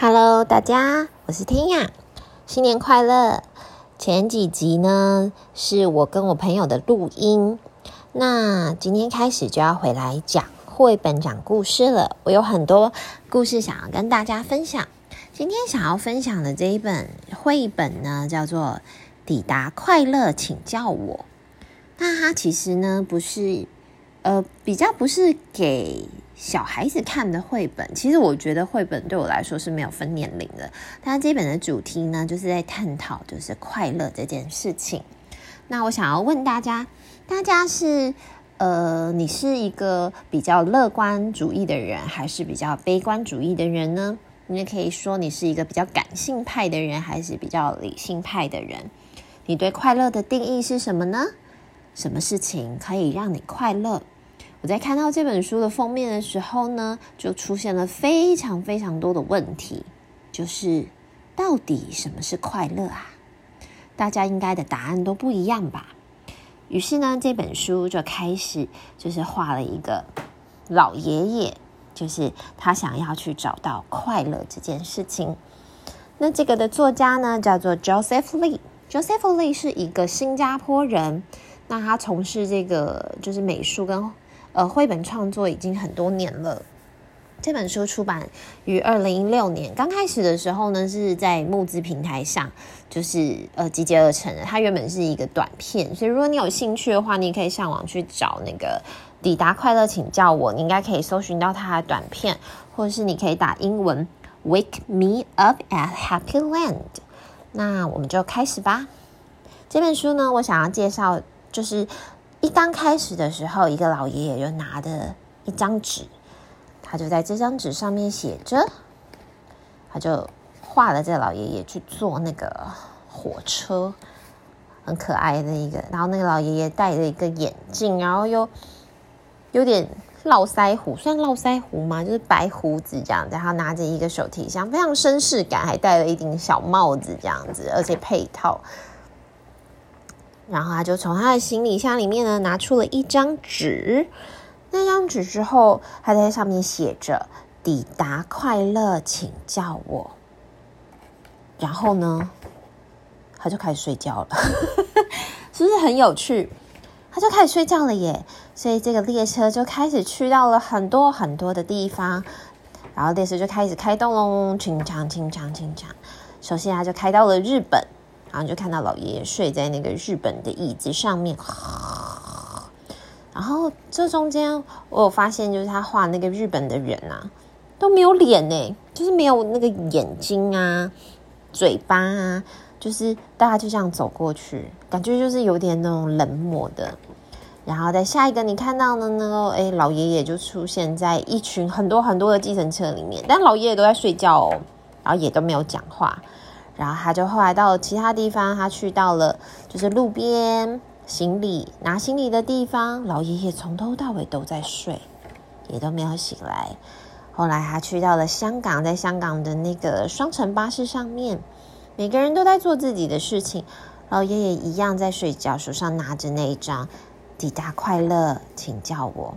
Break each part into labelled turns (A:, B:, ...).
A: Hello，大家，我是彈雅，新年快樂！前幾集呢是我跟我朋友的錄音，那今天開始就要回來講繪本、講故事了。我有很多故事想要跟大家分享。今天想要分享的這一本繪本呢，叫做《抵達快樂，請叫我》。那它其實呢，不是呃，比較不是給小孩子看的繪本，其實我覺得繪本對我來說是沒有分年齡的。但基本的主題呢，就是在探討就是快樂這件事情。那我想要問大家，大家是呃，你是一個比較樂觀主義的人，還是比較悲觀主義的人呢？你也可以說你是一個比較感性派的人，還是比較理性派的人？你對快樂的定義是什麼呢？什麼事情可以讓你快樂？我在看到這本書的封面的時候呢，就出現了非常非常多的問題，就是到底什麼是快樂啊？大家應該的答案都不一樣吧？於是呢，這本書就開始就是畫了一個老爺爺，就是他想要去找到快樂這件事情。那這個的作家呢，叫做 Josef Lee，Josef Lee 是一個新加坡人，那他從事這個就是美術跟。呃，繪本創作已經很多年了。這本書出版於二零一六年，剛開始的時候呢，是在募資平台上，就是呃集結而成的。它原本是一個短片，所以如果你有興趣的話，你可以上網去找那個抵達快樂，請叫我，你應該可以搜尋到它的短片，或者是你可以打英文 “Wake me up at Happy Land”。那我們就開始吧。這本書呢，我想要介紹就是。一剛開始的時候，一個老爺爺就拿着一張紙，他就在這張紙上面寫着，他就畫了這個老爺爺去坐那個火車，很可愛的一個。然後那個老爺爺戴了一個眼鏡，然後又有,有點絡腮鬍，算絡腮胡嗎？就是白胡子這樣子。然後拿着一個手提箱，非常紳士感，還戴了一頂小帽子這樣子，而且配套。然後他就從他的行李箱裡面呢，拿出了一張紙，那張紙之後，他在上面寫着“抵達快樂，請叫我”。然後呢，他就開始睡覺了， 是不是很有趣？他就開始睡覺了耶！所以這個列車就開始去到了很多很多的地方，然後列車就開始開動嘍，清唱清唱清唱。首先，他就開到了日本。然後就看到老爺爺睡在那個日本的椅子上面，然後這中間我有發現，就是他畫那個日本的人啊都沒有臉呢、欸，就是沒有那個眼睛啊、嘴巴啊，就是大家就這樣走過去，感覺就是有點那種冷漠的。然後在下一個你看到的那個哎，老爺爺就出現在一群很多很多的計程車裡面，但老爺爺都在睡覺哦，然後也都沒有講話。然後他就後來到了其他地方，他去到了就是路邊行李拿行李的地方，老爺爺從頭到尾都在睡，也都沒有醒來。後來他去到了香港，在香港的那個雙層巴士上面，每個人都在做自己的事情，老爺爺一樣在睡覺，手上拿着那一張抵達快樂，請叫我。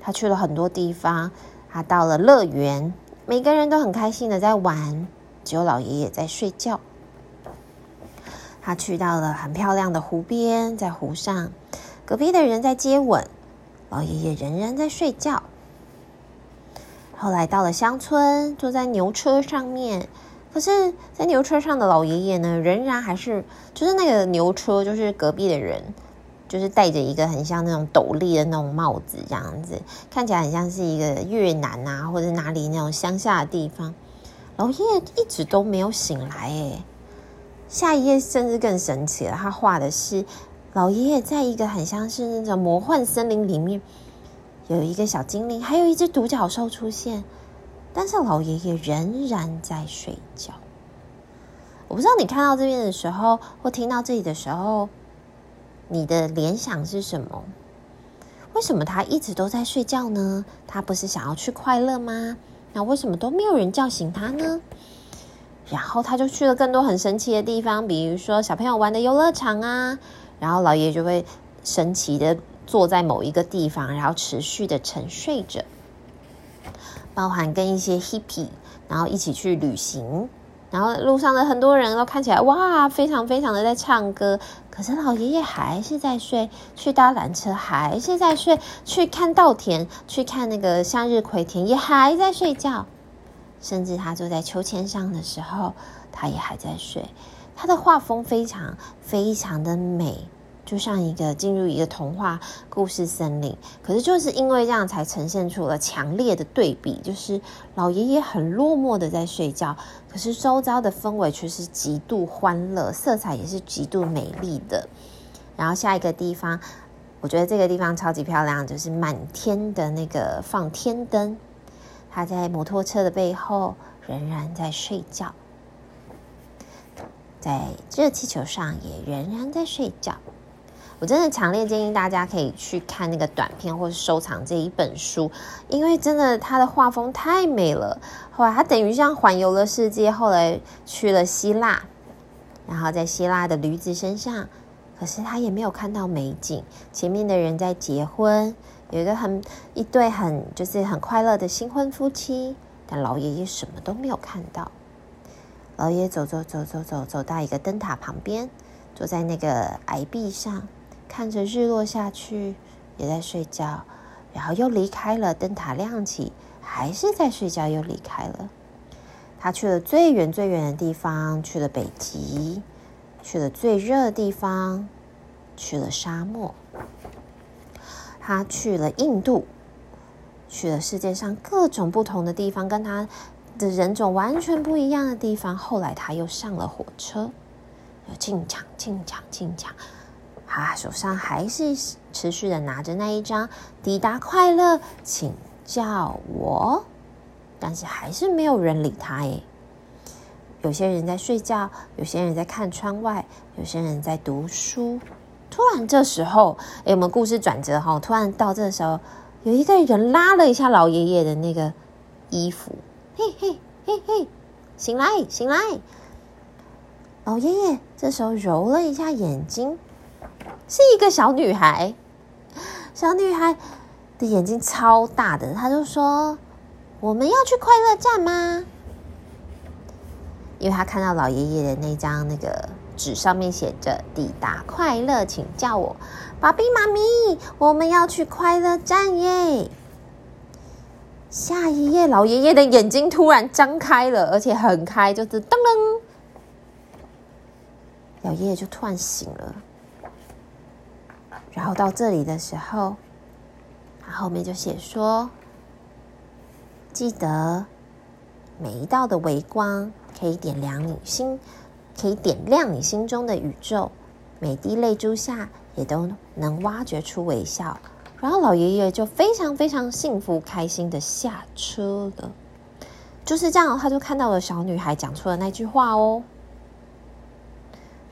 A: 他去了很多地方，他到了樂園，每個人都很開心的在玩。只有老爺爺在睡覺。他去到了很漂亮的湖邊，在湖上，隔壁的人在接吻。老爺爺仍然在睡覺。後來到了鄉村，坐在牛車上面。可是，在牛車上的老爺爺呢，仍然還是就是那個牛車，就是隔壁的人，就是戴着一個很像那種斗笠的那種帽子，這樣子看起來很像是一個越南啊，或者哪裡那種鄉下的地方。老爺爺一直都沒有醒來，哎，下一頁甚至更神奇了。他畫的是老爺爺在一個很像是那種魔幻森林裡面，有一個小精靈，還有一隻獨角獸出現，但是老爺爺仍然在睡覺。我不知道你看到這邊的時候，或聽到這裡的時候，你的聯想是什麼？為什麼他一直都在睡覺呢？他不是想要去快樂嗎？那為什麼都沒有人叫醒他呢？然後他就去了更多很神奇的地方，比如說小朋友玩的遊樂場啊。然後老爺爺就會神奇的坐在某一個地方，然後持續的沉睡着，包含跟一些 hippie，然後一起去旅行。然後路上的很多人都看起來哇，非常非常的在唱歌，可是老爺爺還是在睡，去搭纜車還是在睡，去看稻田，去看那個向日葵田也還在睡覺，甚至他坐在秋千上的時候，他也還在睡。他的畫風非常非常的美。就像一個進入一個童話故事森林，可是就是因為這樣才呈現出了強烈的對比，就是老爺爺很落寞的在睡覺，可是周遭的氛圍卻是極度歡樂，色彩也是極度美麗的。然後下一個地方，我覺得這個地方超級漂亮，就是滿天的那個放天燈，他在摩托車的背後仍然在睡覺，在熱氣球上也仍然在睡覺。我真的強烈建議大家可以去看那個短片，或者收藏這一本書，因為真的它的畫風太美了。後來他等於像環遊了世界，後來去了希臘，然後在希臘的驢子身上，可是他也沒有看到美景。前面的人在結婚，有一個很一對很就是很快樂的新婚夫妻，但老爺爺什麼都沒有看到。老爺爺走走走走走，走到一個燈塔旁邊，坐在那個矮壁上，看着日落下去，也在睡覺，然後又離開了。燈塔亮起，還是在睡覺，又離開了。他去了最遠最遠的地方，去了北極，去了最熱的地方，去了沙漠。他去了印度，去了世界上各種不同的地方，跟他的人種完全不一樣的地方。後來他又上了火車，要進場、進場、進場。啊！手上還是持續的拿着那一張，抵達快樂，請叫我。但是還是沒有人理他誒，有些人在睡覺，有些人在看窗外，有些人在讀書。突然這時候，誒，我們故事轉折哈！突然到這時候，有一個人拉了一下老爺爺的那個衣服，嘿嘿嘿嘿，醒來，醒來！老爺爺這時候揉了一下眼睛。是一個小女孩，小女孩的眼睛超大的，她就說：“我們要去快樂站嗎？”因為她看到老爺爺的那張那個紙上面寫着“抵達快樂，請叫我爸比媽咪，我們要去快樂站耶。”下一頁，老爺爺的眼睛突然張開了，而且很開，就是噔噔，老爺爺就突然醒了。然後到這裡的時候，他後、後面就寫說：“記得每一道的微光可以點亮你心，可以點亮你心中的宇宙。每滴淚珠下也都能挖掘出微笑。”然後老爺爺就非常非常幸福開心地下車了。就是這樣，他就看到了小女孩講出了那句話哦。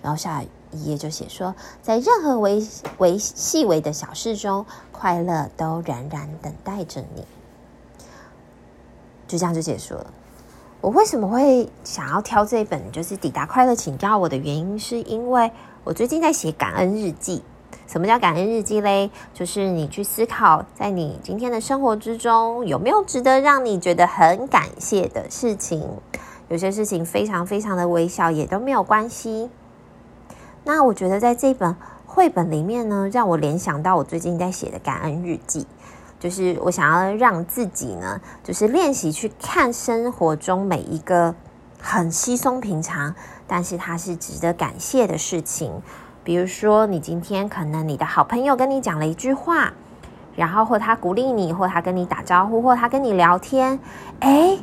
A: 然後下一頁就寫說，在任何微微細微的小事中，快樂都冉冉等待着你。就這樣就結束了。我為什麼會想要挑這本，就是《抵達快樂請叫我》的原因，是因為我最近在寫感恩日記。什麼叫感恩日記嘞？就是你去思考，在你今天的生活之中，有沒有值得讓你覺得很感謝的事情？有些事情非常非常的微小，也都沒有關係。那我覺得在這本繪本裡面呢，讓我聯想到我最近在寫的感恩日記，就是我想要讓自己呢，就是練習去看生活中每一個很稀鬆平常，但是它是值得感謝的事情。比如說，你今天可能你的好朋友跟你講了一句話，然後或他鼓勵你，或他跟你打招呼，或他跟你聊天，哎，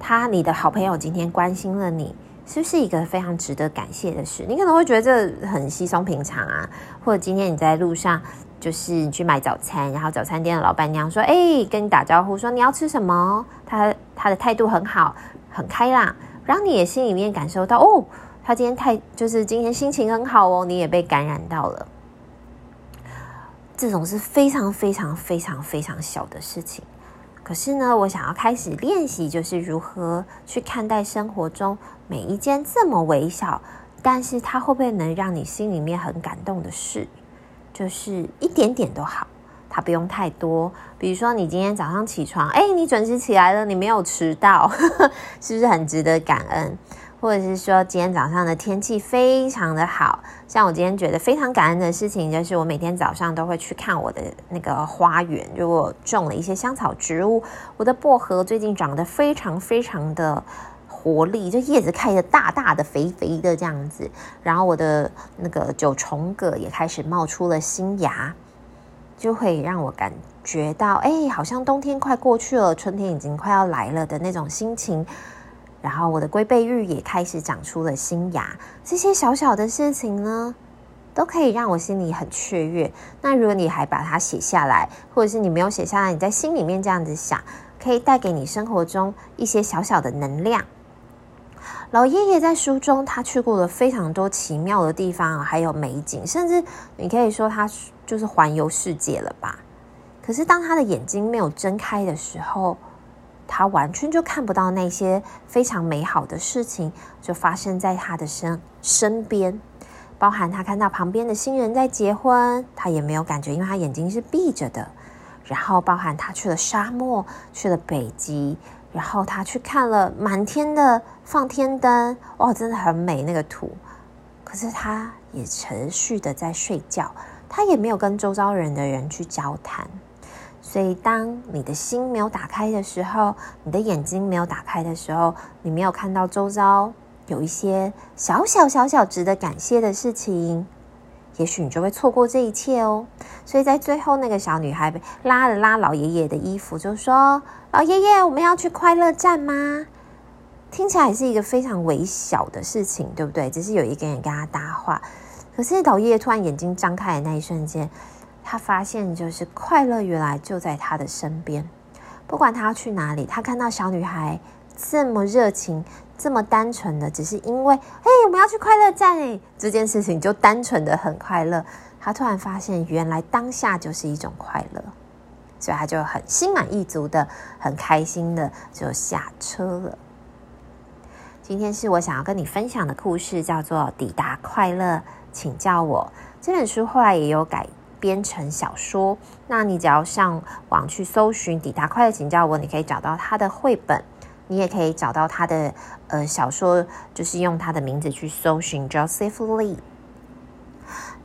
A: 他你的好朋友今天關心了你。是不是一個非常值得感謝的事？你可能會覺得這很稀鬆平常啊，或者今天你在路上，就是你去買早餐，然後早餐店的老板娘說：“哎、欸，跟你打招呼，說你要吃什麼？”她她的態度很好，很開朗，讓你也心裡面感受到哦，她今天太就是今天心情很好哦，你也被感染到了。這種是非常非常非常非常小的事情。可是呢，我想要開始練習，就是如何去看待生活中每一件這麼微小，但是它會不會能讓你心裡面很感動的事，就是一點點都好，它不用太多。比如說，你今天早上起床，哎、欸，你準時起來了，你沒有遲到，呵呵，是不是很值得感恩？或者是說今天早上的天氣非常的好，像我今天覺得非常感恩的事情，就是我每天早上都會去看我的那個花園，如果種了一些香草植物，我的薄荷最近長得非常非常的活力，就葉子開得大大的肥肥的這樣子，然後我的那個九重葛也開始冒出了新芽，就會讓我感覺到，哎，好像冬天快過去了，春天已經快要來了的那種心情。然後我的龜背芋也開始長出了新芽，這些小小的事情呢，都可以讓我心裡很雀躍。那如果你還把它寫下來，或者是你沒有寫下來，你在心裡面這樣子想，可以帶給你生活中一些小小的能量。老爺爺在書中，他去過了非常多奇妙的地方，還有美景，甚至你可以說他就是環遊世界了吧。可是當他的眼睛沒有睜開的時候。他完全就看不到那些非常美好的事情，就發生在他的身身邊，包含他看到旁邊的新人在結婚，他也沒有感覺，因為他眼睛是閉着的。然後包含他去了沙漠，去了北極，然後他去看了滿天的放天燈，哇，真的很美那個圖。可是他也持續的在睡覺，他也沒有跟周遭人的人去交談。所以，當你的心沒有打開的時候，你的眼睛沒有打開的時候，你沒有看到周遭有一些小小小小、小值得感謝的事情，也許你就會錯過這一切哦。所以在最後，那個小女孩拉了拉老爺爺的衣服，就說：“老爺爺，我們要去快樂站嗎？”聽起來是一個非常微小的事情，對不對？只是有一個人跟他搭話，可是老爺爺突然眼睛張開的那一瞬間。他發現，就是快樂原來就在他的身邊，不管他要去哪裡，他看到小女孩這麼熱情、這麼單純的，只是因為，哎、欸，我們要去快樂站哎，這件事情就單純的很快樂。他突然發現，原來當下就是一種快樂，所以他就很心滿意足的、很開心的就下車了。今天是我想要跟你分享的故事，叫做《抵達快樂》，請叫我這本書後來也有改。編成小說，那你只要上網去搜尋《抵達快樂，請叫我》，你可以找到他的繪本，你也可以找到他的呃小說，就是用他的名字去搜尋 Josef Lee。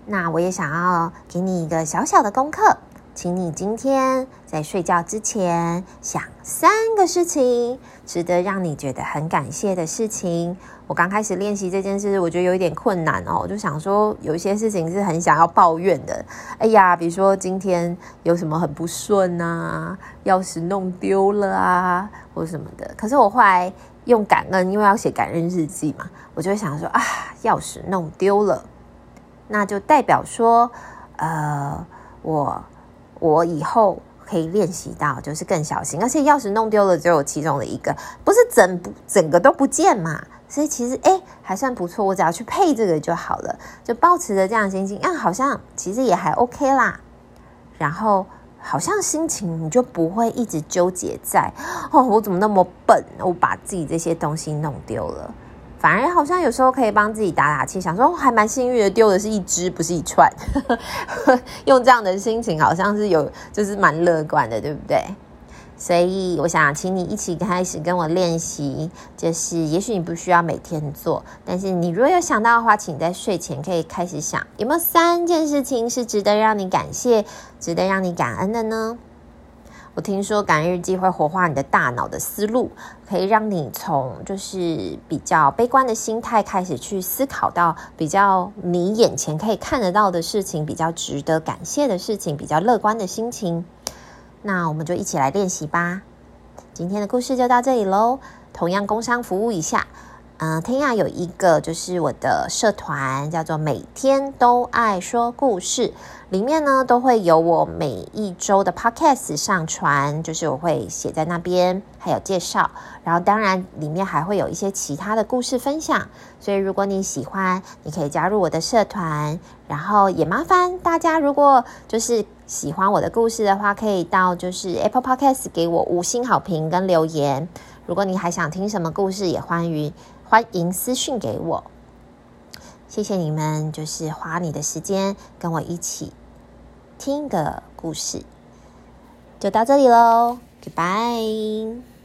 A: 那我也想要給你一個小小的功課。請你今天在睡覺之前想三個事情，值得讓你覺得很感謝的事情。我剛開始練習這件事，我覺得有一點困難哦。我就想說，有些事情是很想要抱怨的。哎呀，比如說今天有什麼很不順啊，鑰匙弄丟了啊，或什麼的。可是我後來用感恩，因為要寫感恩日記嘛，我就想說啊，鑰匙弄丟了，那就代表說，呃，我。我以後可以練習到，就是更小心。而且鑰匙弄丟了，只有其中的一個，不是整整個都不見嘛？所以其實哎，還算不錯。我只要去配這個就好了，就保持着這樣心情。啊，好像其實也還 OK 啦。然後好像心情你就不會一直糾結在哦，我怎麼那麼笨，我把自己這些東西弄丟了。反而好像有時候可以幫自己打打氣，想說我、哦、還蠻幸運的，丟的是一隻，不是一串。 用這樣的心情，好像是有，就是蠻樂觀的，對不對？所以我想請你一起開始跟我練習，就是也許你不需要每天做，但是你如果有想到的話，請你在睡前可以開始想，有沒有三件事情是值得讓你感謝、值得讓你感恩的呢？我聽說感恩日記會活化你的大腦的思路，可以讓你從就是比較悲觀的心態開始去思考到比較你眼前可以看得到的事情，比較值得感謝的事情，比較樂觀的心情。那我們就一起來練習吧。今天的故事就到這裡嘍。同樣工商服務一下，嗯、呃，彈雅有一個就是我的社團叫做每天都愛說故事。裡面呢都會有我每一周的 Podcast 上傳，就是我會寫在那邊，還有介紹。然後當然裡面還會有一些其他的故事分享，所以如果你喜歡，你可以加入我的社團。然後也麻煩大家，如果就是喜歡我的故事的話，可以到就是 Apple Podcast 給我五星好評跟留言。如果你還想聽什麼故事，也歡迎歡迎私訊給我。謝謝你們，就是花你的時間跟我一起聽一個故事，就到這裡嘍，Goodbye。